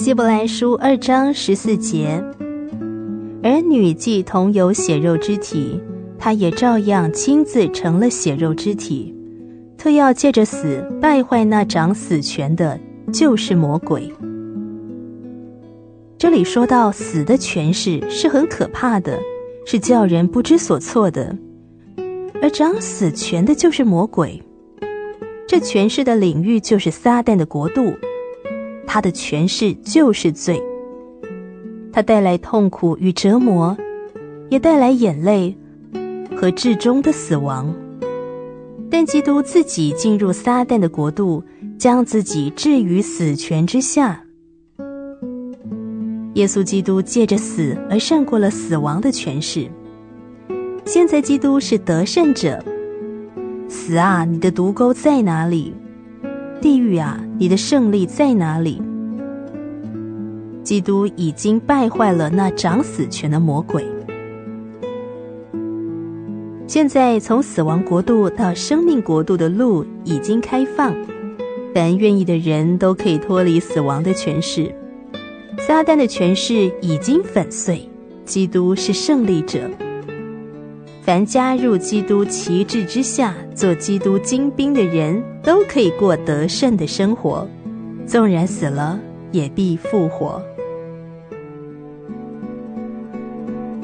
希伯來書二章十四節，兒女既同有血肉之體，他也照樣親自成了血肉之體，特要借着死敗壞那掌死權的，就是魔鬼。這裡說到死的權勢是很可怕的，是叫人不知所措的，而掌死權的就是魔鬼，這權勢的領域就是撒旦的國度。他的權勢就是罪，他帶來痛苦與折磨，也帶來眼淚和至終的死亡。但基督自己進入撒旦的國度，將自己置於死權之下。耶穌基督借着死而勝過了死亡的權勢。現在，基督是得勝者。死啊，你的毒鈎在哪裡？地獄啊，你的勝利在哪裡？基督已經敗壞了那掌死權的魔鬼。現在從死亡國度到生命國度的路已經開放，凡願意的人都可以脫離死亡的權勢。撒旦的權勢已經粉碎，基督是勝利者。凡加入基督旗幟之下，做基督精兵的人，都可以過得勝的生活，縱然死了也必復活。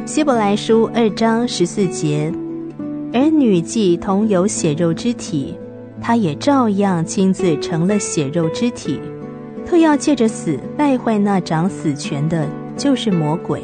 希伯來書二章十四節，兒女既同有血肉之體，他也照樣親自成了血肉之體，特要借着死敗壞那掌死權的，就是魔鬼。